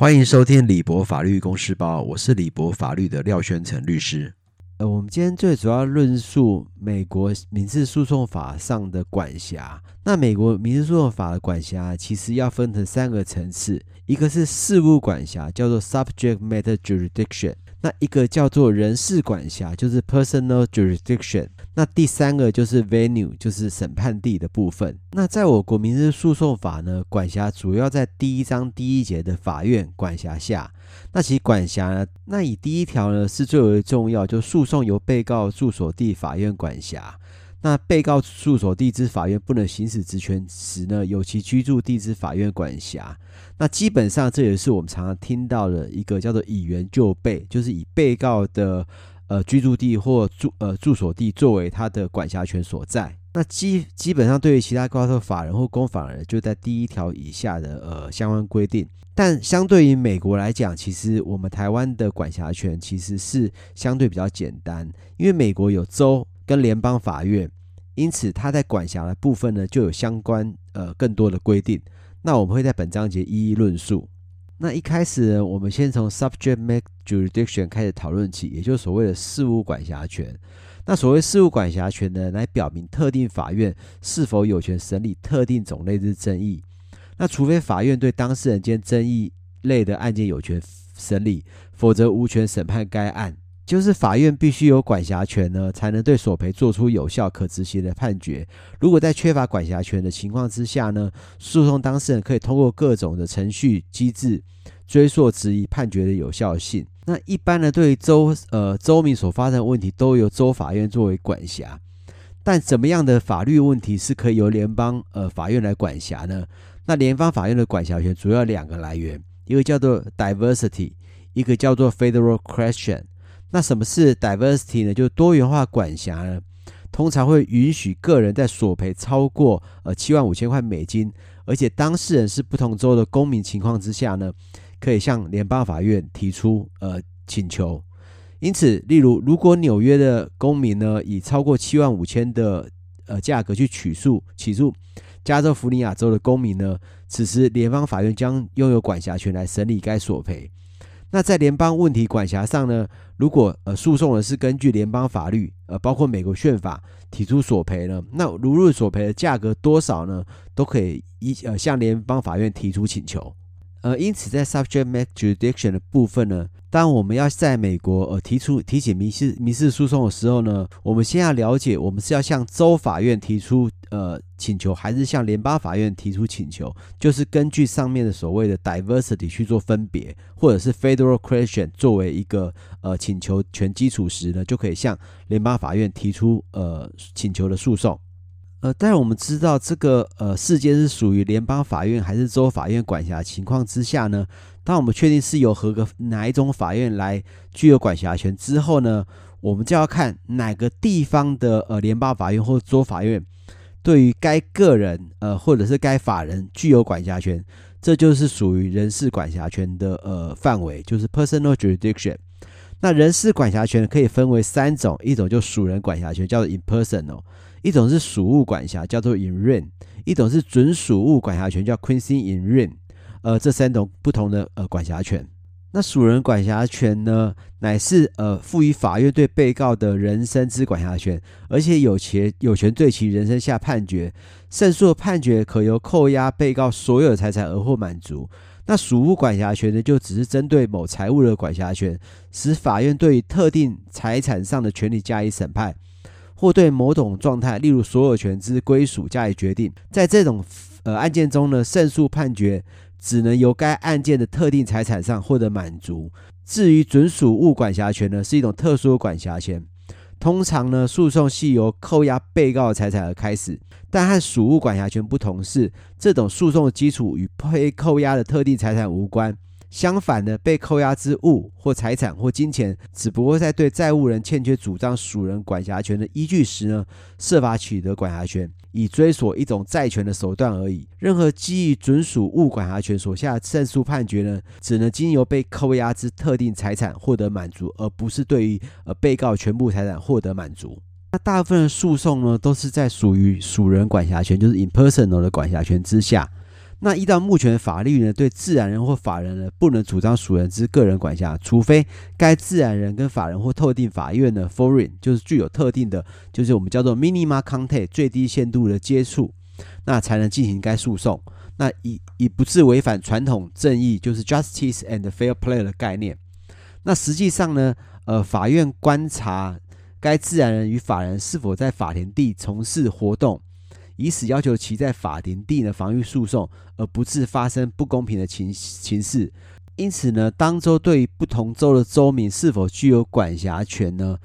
歡迎收聽李博法律公事報，我是李博法律的廖宣成律師。呃，我們今天最主要論述美國民事訴訟法上的管轄。那美國民事訴訟法的管轄其實要分成三個層次，一個是事務管轄，叫做 subject matter jurisdiction。那一個叫做人事管轄，就是 personal jurisdiction。那第三個就是 venue，就是審判地的部分。那在我國民事訴訟法呢，管轄主要在第一章第一節的法院管轄下。那其管轄呢，那以第一條呢是最為重要，就是訴訟由被告住所地法院管轄。那被告住所地之法院不能行使職權時呢，由其居住地之法院管轄。那基本上這也是我們常常聽到的一個叫做以原就被，就是以被告的呃居住地或住呃住所地作為他的管轄權所在。那基基本上對於其他高的法人或公法人就在第一條以下的呃相關規定。但相對於美國來講，其實我們台灣的管轄權其實是相對比較簡單，因為美國有州。跟聯邦法院，因此他在管轄的部分呢，就有相關呃更多的規定。那我們會在本章節一一論述。那一開始呢，我們先從 subject matter jurisdiction 開始討論起，也就是所謂的事務管轄權。那所謂事務管轄權呢，來表明特定法院是否有權審理特定種類之爭議。那除非法院對當事人間爭議類的案件有權審理，否則無權審判該案。就是法院必須有管轄權呢，才能對索賠做出有效可執行的判決。如果在缺乏管轄權的情況之下呢，訴訟當事人可以通過各種的程序機制追索質疑判決的有效性。那一般呢，對於州呃州民所發生的問題，都由州法院作為管轄。但怎麼樣的法律問題是可以由聯邦呃法院來管轄呢？那聯邦法院的管轄權主要兩個來源，一個叫做 diversity，一個叫做 federal question。那什麼是 diversity 呢？就是、多元化管轄呢？通常會允許個人在索賠超過呃七萬五千塊美金，而且當事人是不同州的公民情況之下呢，可以向聯邦法院提出呃請求。因此，例如如果紐約的公民呢，以超過七萬五千的呃價格去起訴起訴加州弗尼亞州的公民呢，此時聯邦法院將擁有管轄權來審理該索賠。那在聯邦問題管轄上呢？如果呃訴訟的是根據聯邦法律，呃，包括美國憲法提出索賠呢？那如若索賠的價格多少呢？都可以一呃向聯邦法院提出請求。呃，因此在 subject matter jurisdiction 的部分呢？當我們要在美國呃提出提起民事民事訴訟的時候呢，我們先要了解我們是要向州法院提出呃請求，還是向聯邦法院提出請求？就是根據上面的所謂的 diversity 去做分別，或者是 federal question 作為一個呃請求權基礎時呢，就可以向聯邦法院提出呃請求的訴訟。呃，但我們知道這個呃事件是屬於聯邦法院還是州法院管轄的情況之下呢？當我們確定是由合格哪一種法院來具有管轄權之後呢，我們就要看哪個地方的呃聯邦法院或州法院對於該個人呃或者是該法人具有管轄權，這就是屬於人事管轄權的呃範圍，就是 personal jurisdiction。那人事管轄權可以分為三種，一種就屬人管轄權叫做 in person，一種是屬物管轄叫做 in rem，一種是準屬物管轄權叫 quasi in rem。Rim, 呃，這三種不同的呃管轄權。那屬人管轄權呢，乃是呃賦予法院對被告的人身之管轄權，而且有權有權對其人身下判決。勝訴的判決可由扣押被告所有財產而獲滿足。那屬物管轄權呢，就只是針對某財物的管轄權，使法院對特定財產上的權利加以審判，或對某種狀態，例如所有權之歸屬加以決定。在這種呃案件中呢，勝訴判決。只能由該案件的特定財產上獲得滿足。至於準屬物管轄權呢，是一種特殊的管轄權。通常呢，訴訟係由扣押被告財產而開始，但和屬物管轄權不同是，這種訴訟的基礎與被扣押的特定財產無關。相反呢，被扣押之物或財產或金錢，只不過在對債務人欠缺主張屬人管轄權的依據時呢，設法取得管轄權，以追索一種債權的手段而已。任何基於準屬物管轄權所下的勝訴判決呢，只能經由被扣押之特定財產獲得滿足，而不是對於呃被告全部財產獲得滿足。那大部分的訴訟呢，都是在屬於屬人管轄權，就是 impersonal 的管轄權之下。那依照目前法律呢，對自然人或法人呢，不能主張屬人之個人管轄，除非該自然人跟法人或特定法院的 foreign 就是具有特定的，就是我們叫做 minimal contact 最低限度的接觸，那才能進行該訴訟。那以以不是違反傳統正義，就是 justice and fair play 的概念。那實際上呢，呃，法院觀察該自然人與法人是否在法庭地從事活動。以此要求其在法庭地的防禦訴訟，而不致發生不公平的情情勢。因此呢，當州對於不同州的州民是否具有管轄權呢？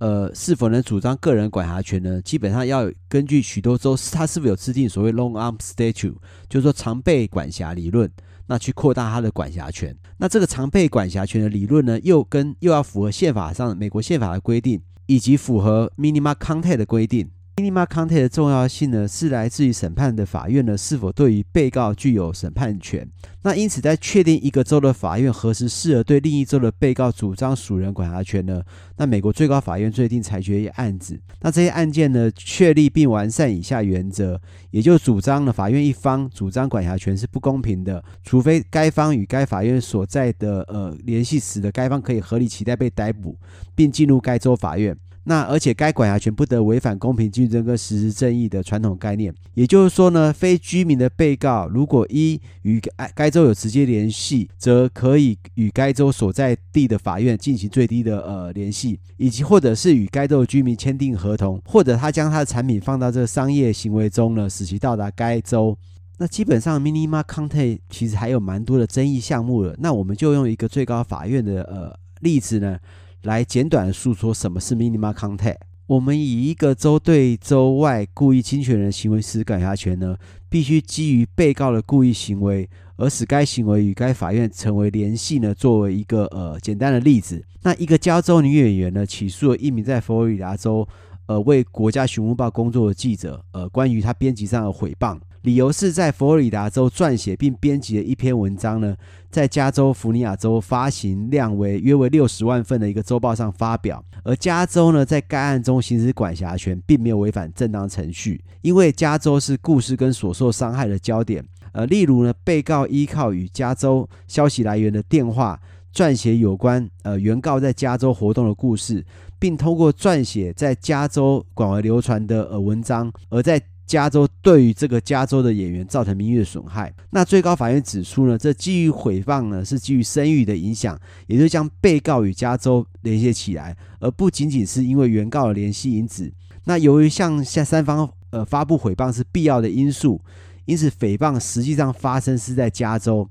呃，是否能主張個人管轄權呢？基本上要根據許多州，它是否有制定所謂 long arm statute，就是說長臂管轄理論，那去擴大它的管轄權。那這個長臂管轄權的理論呢，又跟又要符合憲法上的美國憲法的規定，以及符合 minimum contacts 的規定。Minimum contact 的重要性呢，是來自於審判的法院呢，是否對於被告具有審判權。那因此，在確定一個州的法院何時適合對另一州的被告主張屬人管轄權呢？那美國最高法院最近裁決一案子，那這些案件呢確立並完善以下原則，也就主張了法院一方主張管轄權是不公平的，除非該方與該法院所在的呃聯繫使得，該方可以合理期待被逮捕並進入該州法院。那而且該管轄權不得違反公平競爭和實質正義的傳統概念，也就是說呢，非居民的被告如果一與該州有直接聯繫，則可以與該州所在地的法院進行最低的呃聯繫，以及或者是與該州的居民簽訂合同，或者他將他的產品放到這個商業行為中呢，使其到達該州。那基本上 minimum contacts 其實還有蠻多的爭議項目了。那我們就用一個最高法院的呃例子呢。來簡短的述說什麼是 minimum contact。我們以一個州對州外故意侵權人行使管轄權呢，必須基於被告的故意行為而使該行為與該法院成為聯繫呢，作為一個呃簡單的例子。那一個加州女演員呢，起訴了一名在佛羅里達州，呃，為國家詢問報工作的記者，呃，關於他編輯上的誹謗，理由是在佛羅里達州撰寫並編輯的一篇文章呢，在加州福尼亞州發行量為約為六十萬份的一個周報上發表，而加州呢，在該案中行使管轄權，並沒有違反正當程序，因為加州是故事跟所受傷害的焦點。呃，例如呢，被告依靠與加州消息來源的電話撰寫有關呃原告在加州活動的故事，並通過撰寫在加州廣為流傳的呃文章，而在加州對於這個加州的演員造成名譽損害。那最高法院指出呢，這基於誹謗呢是基於聲譽的影響，也就是將被告與加州聯繫起來，而不僅僅是因為原告的聯繫因子。那由於向第三方呃發布誹謗是必要的因素，因此誹謗實際上發生是在加州。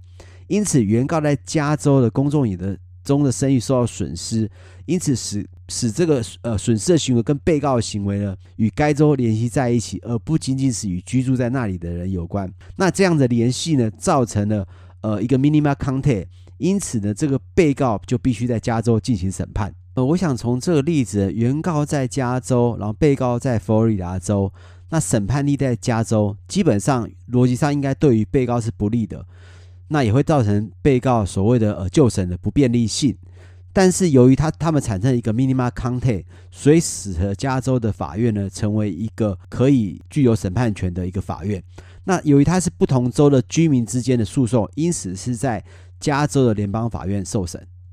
因此，原告在加州的公眾眼的中的聲譽受到損失，因此使使這個呃損失的行為跟被告的行為呢，與該州聯繫在一起，而不僅僅是與居住在那裡的人有關。那這樣的聯繫呢，造成了呃一個 minimum contact，因此呢，這個被告就必須在加州進行審判。呃，我想從這個例子，原告在加州，然後被告在佛羅里達州，那審判力在加州，基本上邏輯上應該對於被告是不利的。那也會造成被告所謂的呃就審的不便利性，但是由於他他們產生一個 minimum contact, 所以使得加州的法院呢成為一個可以具有審判權的一個法院。那由於它是不同州的居民之間的訴訟，因此是在加州的聯邦法院受審。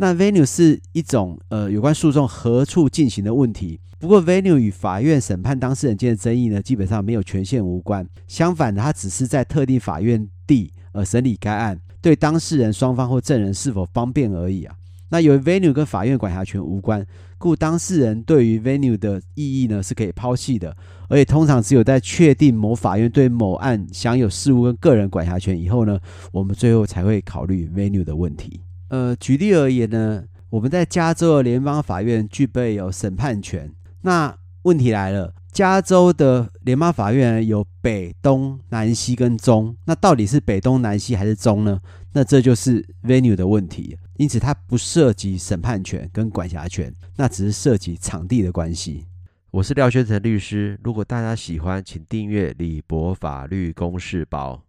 那 venue 是一種呃有關訴訟何處進行的問題。不過 venue 與法院審判當事人間的爭議呢，基本上沒有權限無關。相反的，它只是在特定法院地呃審理該案，對當事人雙方或證人是否方便而已啊。那由於 venue 跟法院管轄權無關，故當事人對於 venue 的異議呢是可以拋棄的。而且通常只有在確定某法院對某案享有事務跟個人管轄權以後呢，我們最後才會考慮 venue 的問題。呃，舉例而言呢，我們在加州的聯邦法院具備有審判權。那問題來了，加州的聯邦法院有北、東、南、西跟中，那到底是北、東、南、西還是中呢？那這就是 venue 的問題，因此它不涉及審判權跟管轄權，那只是涉及場地的關係。我是廖宣成律師，如果大家喜歡，請訂閱“李博法律公示報”。